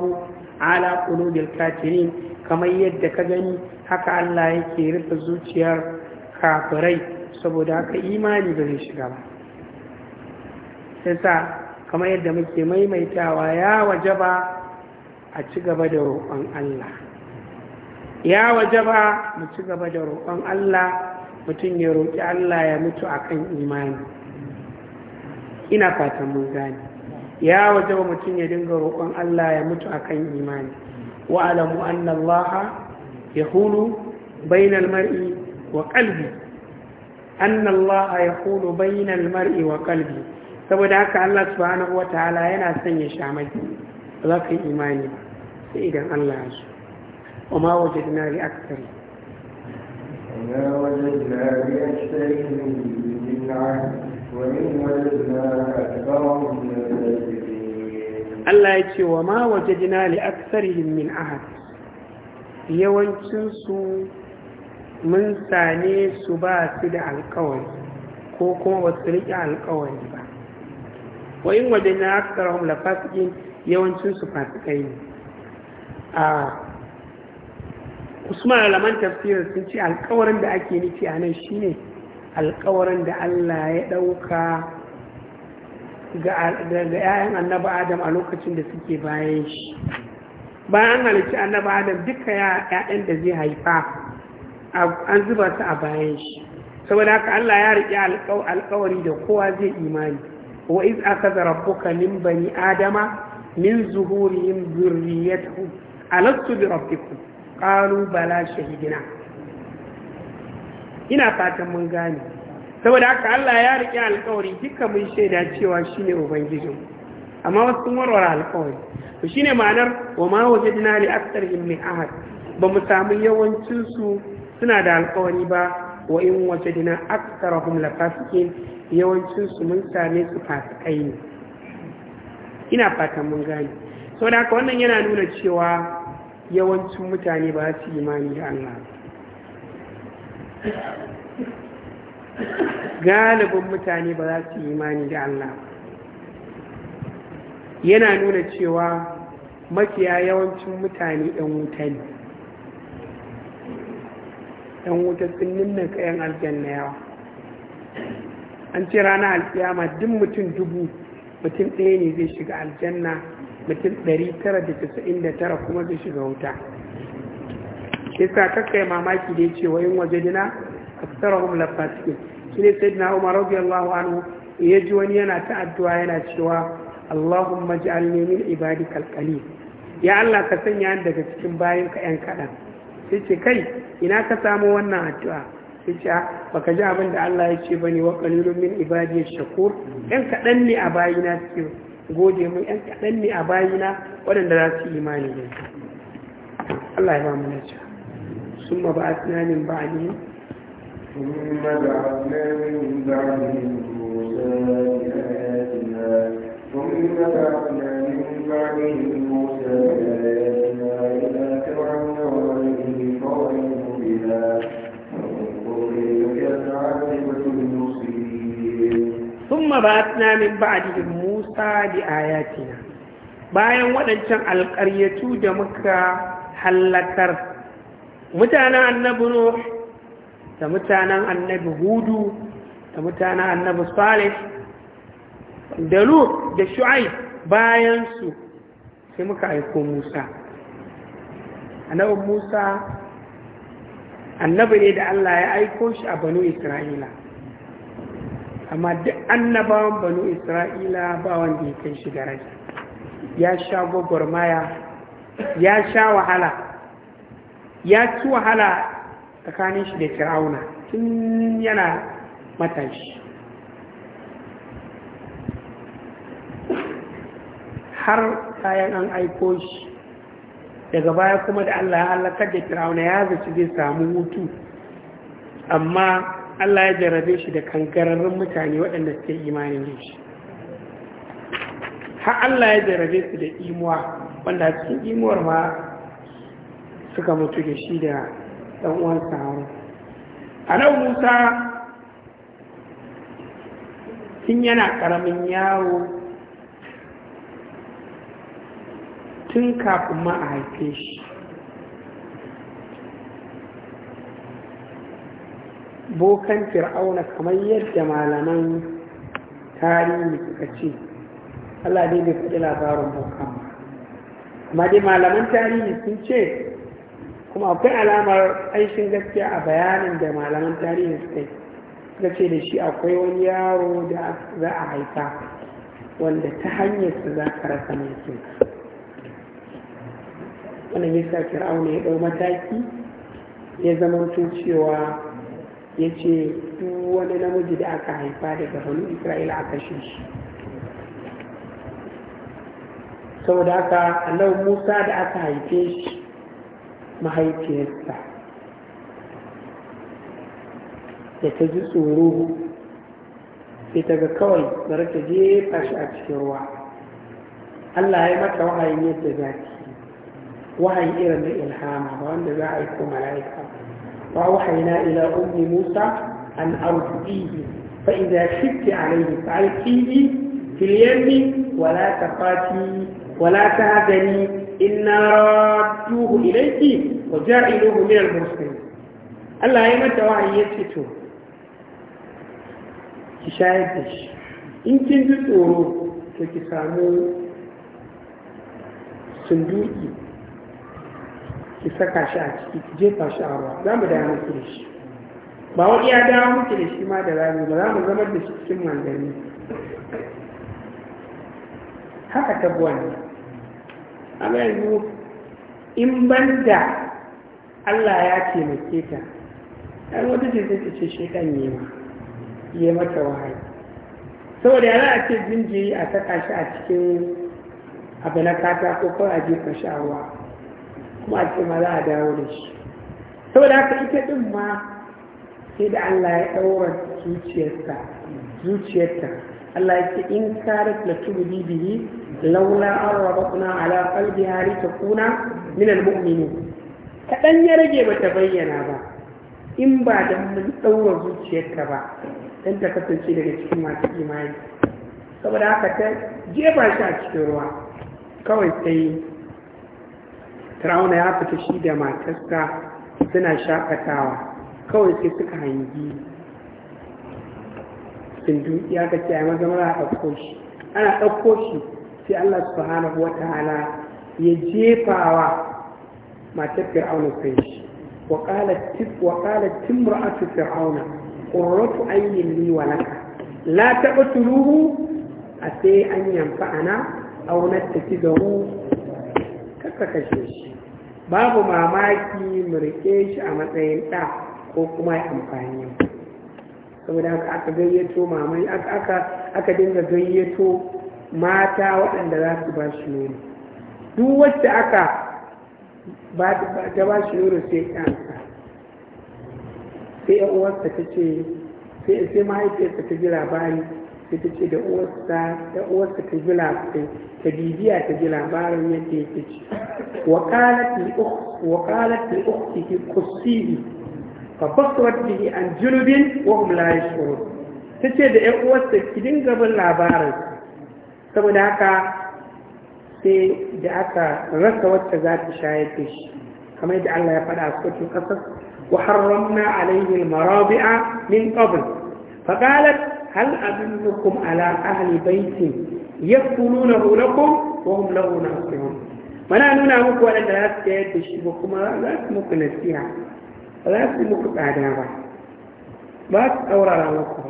ala qulubil kafirin kamar yadda ka gani haka Allah ya yake rufe zuciyar kafirai saboda haka imani ba zai shiga ba sai sa kamar yadda muke maimaitawa ya wajaba a ci gaba da roƙon Allah ya wajaba mu ci gaba da roƙon Allah mutum ya roƙi Allah ya mutu akan imani ina fatan mun gane ya waje wa mutum ya dinga roƙon Allah ya mutu akan imani wa alamu anna Allah ya hulu bainal mar'i wa qalbi anna Allah ya hulu bainal mar'i wa qalbi saboda haka Allah subhanahu wa ta'ala yana sanya shamaki ba za ka imani ba sai idan Allah ya so wa ma wajadna li aktsari وما وجدنا لأكثرهم من عهد Allah ya ce wa ma waje jina li aksarihim min ahad yawancinsu mun sane su ba su da alkawari ko kuma ba su riƙe alkawari ba wa yin waje na aksarahum la fasikin yawancinsu fasikai ne a usman alaman tafsirin sun ce alkawarin da ake nufi a nan shi ne? alkawarin da Allah ya ɗauka ga ‘ya'yan annaba Adam a lokacin da suke bayan shi. Bayan halicci annaba Adam duka ‘ya'yan da zai haifa an zuba su a bayan shi. Saboda haka Allah ya riƙe alkawari da kowa zai imani. Wa iz aka kuka nin bani Adama min zuhurihim a alastu bi rafiku, ƙaru bala shahidina ina fatan mun gane saboda haka Allah ya rike alƙawari duka mun shaida cewa shine ubangijin amma wasu sun warware alƙawari to shine ma'anar wa ma wajadna li aktarihim min ahad ba mu samu yawancin su suna da alƙawari ba wa in wajadna aktarahum la fasikin yawancin mun same su fasikai ne ina fatan mun gane saboda haka wannan yana nuna cewa yawancin mutane ba su imani da Allah ba galibin mutane ba za su yi imani da Allah yana nuna cewa mafiya yawancin mutane ɗan wuta ne ɗan wuta sun nuna kayan aljanna yawa an ce rana alkiyama duk mutum dubu mutum ɗaya ne zai shiga aljanna mutum 999 kuma zai shiga wuta kisa kai mamaki da ya ce wa yin waje dina a lafasiki shi ne sai dina umar radiyallahu anhu ya ji wani yana ta addu'a yana cewa allahumma ji'alni min ibadikal qalil ya allah ka sanya ni daga cikin bayan ka yan kaɗan sai ce kai ina ka samu wannan addu'a sai ce ah, baka ji abin da allah ya ce bane wa qalilun min ya shakur yan kaɗan ne a bayina suke gode mun yan kaɗan ne a bayina waɗanda za su imani ne Allah ya ba mu nace ثم بعثنا من بعدهم ثم بعثنا من بعدهم موسى بآياتنا ثم بعثنا من بعدهم موسى بآياتنا إلى فرعون وملئه فظلموا بها فانظر كيف كان المصيبين ثم بعثنا من بعدهم موسى بآياتنا bayan waɗancan alƙaryatu da muka hallakar mutanen annabi nuh da mutanen annabi hudu da mutanen annabi salih da lut da shu'aib bayan su sai muka aiko musa Annabi musa annabi ne da allah ya aiko shi a banu isra'ila amma duk annabawan banu isra'ila ba wanda ya kai shi garaji ya sha gwagwarmaya ya sha wahala ya ci wahala tsakanin shi da firauna tun yana matashi har kayan an aiko shi daga baya kuma da Allah ya halakar da firauna ya zaci zai samu hutu amma Allah ya jarabe shi da kankararrun mutane waɗanda suke imanin yin shi ha Allah ya jarabe su da imuwa wanda cikin imuwar ma suka mutu da shi da ɗan uwan a nan musa tun yana ƙaramin yawo tun kafin ma a haife shi bokan fir'auna kamar yadda malaman tarihi suka ce Allah dai bai faɗi labarin bokan amma dai malaman tarihi sun ce kuma akwai alamar aishin gaskiya a bayanin da malaman tarihi suka yi suka ce da shi akwai wani yaro da za a haifa wanda ta hanyar su za ka rasa mai wannan yasa fir'auna ya ɗau mataki ya zama cewa ya ce duk wani namiji da aka haifa daga banu isra'ila a kashe shi saboda aka annabi musa da aka haife shi mahaifiyarsa da ta ji tsoro sai ta ga kawai bari ta jefa shi a cikin ruwa Allah ya mata wahayin yadda za ki wahayi irin na ilhama ba wanda za a yi ko mala'ika wa wahayina ila ummi Musa an arzuqihi fa idza shifti alayhi fa alqihi fil yammi wa la taqati wa la tahzani inna radduhu ilayki wa ja'iluhu min al-mursalin Allah ya mata wahayi yace to ki shayar shi in kin ji tsoro to ki samu sunduki ki saka shi a ciki ki jefa shi a ruwa za mu da muku da shi ba wa iya dawo muke da shi ma da rami ba za mu zama da shi cikin manzanni haka ta buwan amma yi in banda Allah ya taimake ta har wata ce zai ce shekan yi ma yi mata wahayi saboda yana a ce jinjiri a saka shi a cikin abu na katako ko a jefa shi a ruwa kuma a ce ma za a dawo da shi saboda haka ita ɗin ma sai da Allah ya ɗaura zuciyarta zuciyarta Allah ya ce in karat la tubi bibiyi. laula an rabatna ala qalbiha litakuna min almu'minin kaɗan ya rage ba ta bayyana ba in ba da mun ɗaura zuciyarka ba don ta kasance daga cikin masu imani saboda haka ta jefa shi a cikin ruwa kawai sai Tarauna ya fita shi da matarsa suna shakatawa kawai sai suka hangi sindu ya ga cewa maza mara ɗauko ana ɗauko shi sai Allah subhanahu wata ta'ala ya jefawa matar fir'auna kai shi wa qalat timra'atu fir'auna qurratu aynin li wa laka la taqtuluhu asai an ana aw nattakidahu kaka kashe shi babu mamaki mu rike shi a matsayin ɗa ko kuma ya amfani saboda haka aka gayyato mamai aka dinga gayyato mata waɗanda za su ba shi nono duk wacce aka ta ba shi nono sai ƙansa sai yan uwarsa ta ce sai mahaifiyarsa ta ji labari sai ta ce da uwarsa ta ji labari ta bibiya ta ji labarin yadda yake ci wakalat li ukhtihi qusihi fa basrat bihi an julubin wa hum la yashurun tace da ƴan uwarsa ki dinga bin labarin saboda haka sai da aka rasa wacce za ta shayar da shi kamar yadda Allah ya faɗa a cikin kasar wa harramna alayhi al-marabi'a min qabl fa qalat hal adullukum ala ahli bayti yakulunahu lakum wa hum lahu nasihun mana nuna muku waɗanda za su shayar da shi ba kuma za su muku nasiha ba za su muku tsada ba ba su tsaurara muku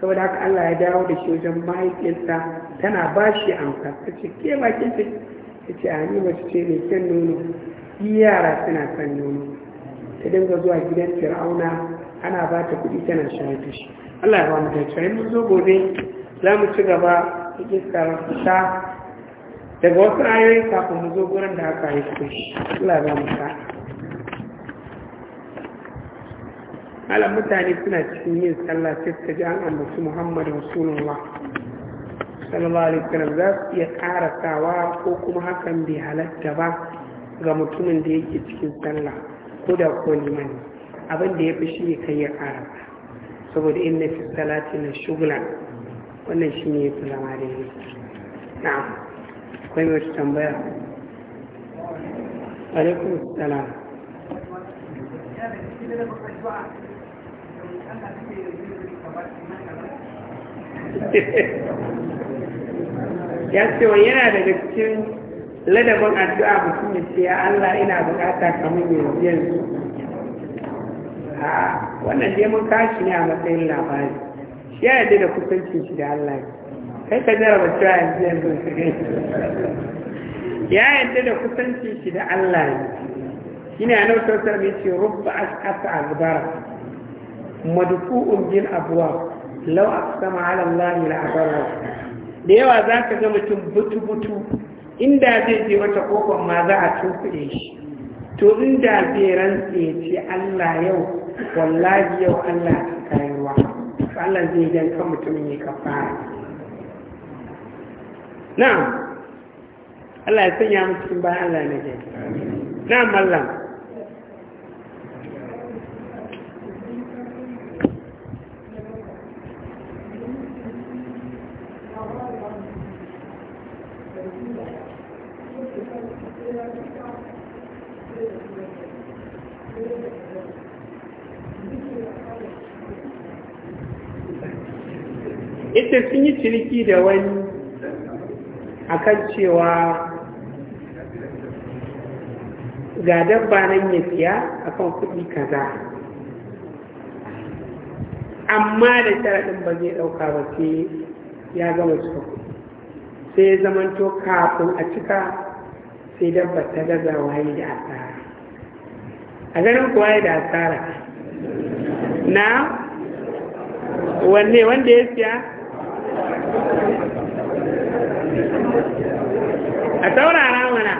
saboda haka Allah ya dawo da shi wajen mahaifiyarsa tana ba shi amsa ta ce ke bakin ta ta ce a ni su ce mai kyan nono yara suna kan nono ta dinga zuwa gidan fir'auna ana ba ta kuɗi tana shayar da shi Allah ya ba mu da cewa mun zo gobe za mu ci gaba da iskar ta daga wasu ayoyi kafin mu zo gurin da aka haife shi Allah ya ba mu sa'a ala mutane suna cikin yin sallah sai ta ji an ambaci muhammadu rasulullah sallallahu alaihi wasallam za su iya karasawa ko kuma hakan bai halatta ba ga mutumin da yake cikin sallah ko da ko limani abin da ya fi shi ne kai ya karasa saboda inna fi salati na shugula wannan shi ne ya fi zama da yi na'am akwai wata tambaya alaikum salam ya ce wani yana da cikin ladabin addu'a mutum ya ce ya Allah ina bukata kamar yanzu yanzu a wannan jemun kashi ne a matsayin labari shi ya yadda da kusanci shi da Allah ya kai ka jarraba cewa yanzu yanzu ya yadda da kusanci shi da Allah ya ne shine a nan sosar mai ce ƙasa a zubara madfu'un bil abwa law sama, ala allahi la abara da yawa za ka ga mutum butu butu inda zai je wata kofar ma za a tunkuɗe shi to inda zai rantse ce Allah yau wallahi yau Allah ta kayarwa Allah zai gan kan mutumin ya fara. na'am Allah ya sanya mutum bayan Allah na gari na'am mallam yake sun yi ciniki da wani akan cewa ga dabba nan ya siya akan kuɗi kaza amma da sharaɗin ba zai ɗauka ba sai ya gama cika sai ya zamanto kafin a cika sai dabba ta gaza waye da asara a ganin kuwa waye da asara na wanne wanda ya siya a saurara mana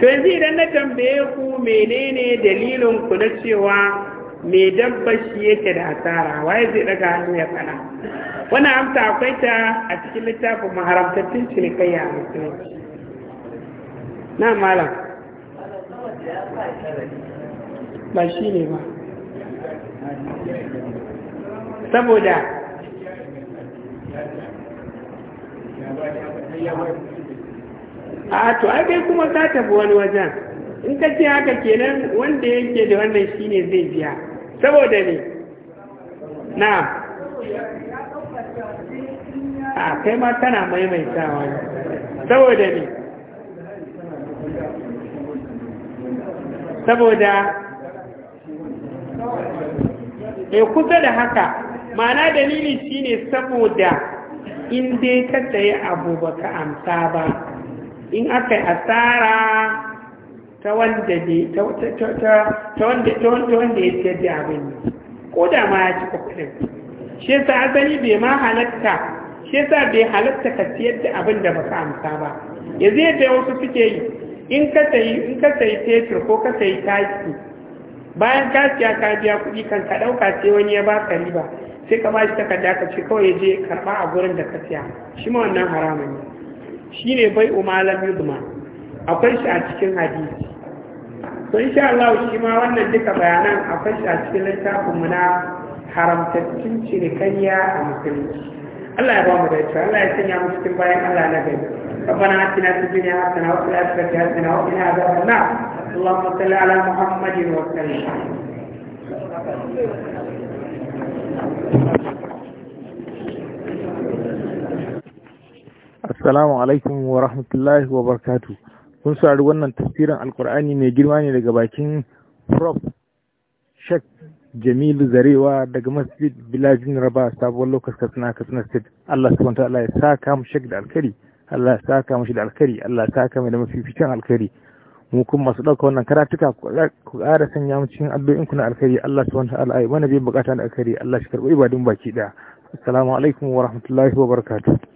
to yanzu idan na tambaye ku menene dalilin ku na cewa mai dabba shi yake da asara waye zai daga hannu ya fada Wani amsa akwai ta a cikin littafin maharamtattun cinikayya a musulunci na malam ba shi ne ba saboda a to ai kai kuma ka tafi wani wajen in ka ce haka kenan wanda yake da wannan shine zai biya saboda ne na a kai ma tana maimaitawa ne saboda ne saboda e kusa da haka ma'ana dalili shine saboda in dai ka sayi abu ba ka amsa ba in aka yi asara ta wanda ya tsaye abin ne ko da ma ya ci kudin shi a asali bai ma halatta shi sa bai halatta ka siyar da abin da ba ka amsa ba Ya da yadda wasu suke yi in ka sayi in ka sayi fetur ko ka sayi taki bayan ka siya ka biya kuɗi kan ka ɗauka sai wani ya ba ka riba sai ka shi takarda ka ce kawai je karɓa a gurin da ka siya shi ma wannan haramun ne shi ne bai umalam yuzma akwai shi a cikin hadisi to sha Allah shi ma wannan duka bayanan akwai shi a cikin littafin mu na haramtattun cinikayya a musulunci Allah ya ba mu dace Allah ya sanya mu cikin bayan Allah na gari ربنا آتنا في الدنيا حسنة وفي الآخرة حسنة وقنا عذاب النار اللهم صل على محمد وسلم Assalamu alaikum wa rahmatullahi wa barkatu. Kun sari wannan tafsirin Alkur'ani mai girma ne daga bakin Prof. Sheikh Jamilu Zarewa daga Masjid Bilajin Raba sabuwar lokacin Katsina Katsina State. Allah su kwanta Allah ya saka mu Sheikh da alkari. Allah ya saka mu shi da alkari. Allah ya saka mu da mafificin alkari. muku masu ɗauka wannan karatuka ku ƙara sanya mu cikin addu'in ku na alkhairi Allah subhanahu wa ta'ala mana bai bukata na alkhairi Allah shi karɓi ibadun baki ɗaya assalamu alaikum wa rahmatullahi wa barakatuh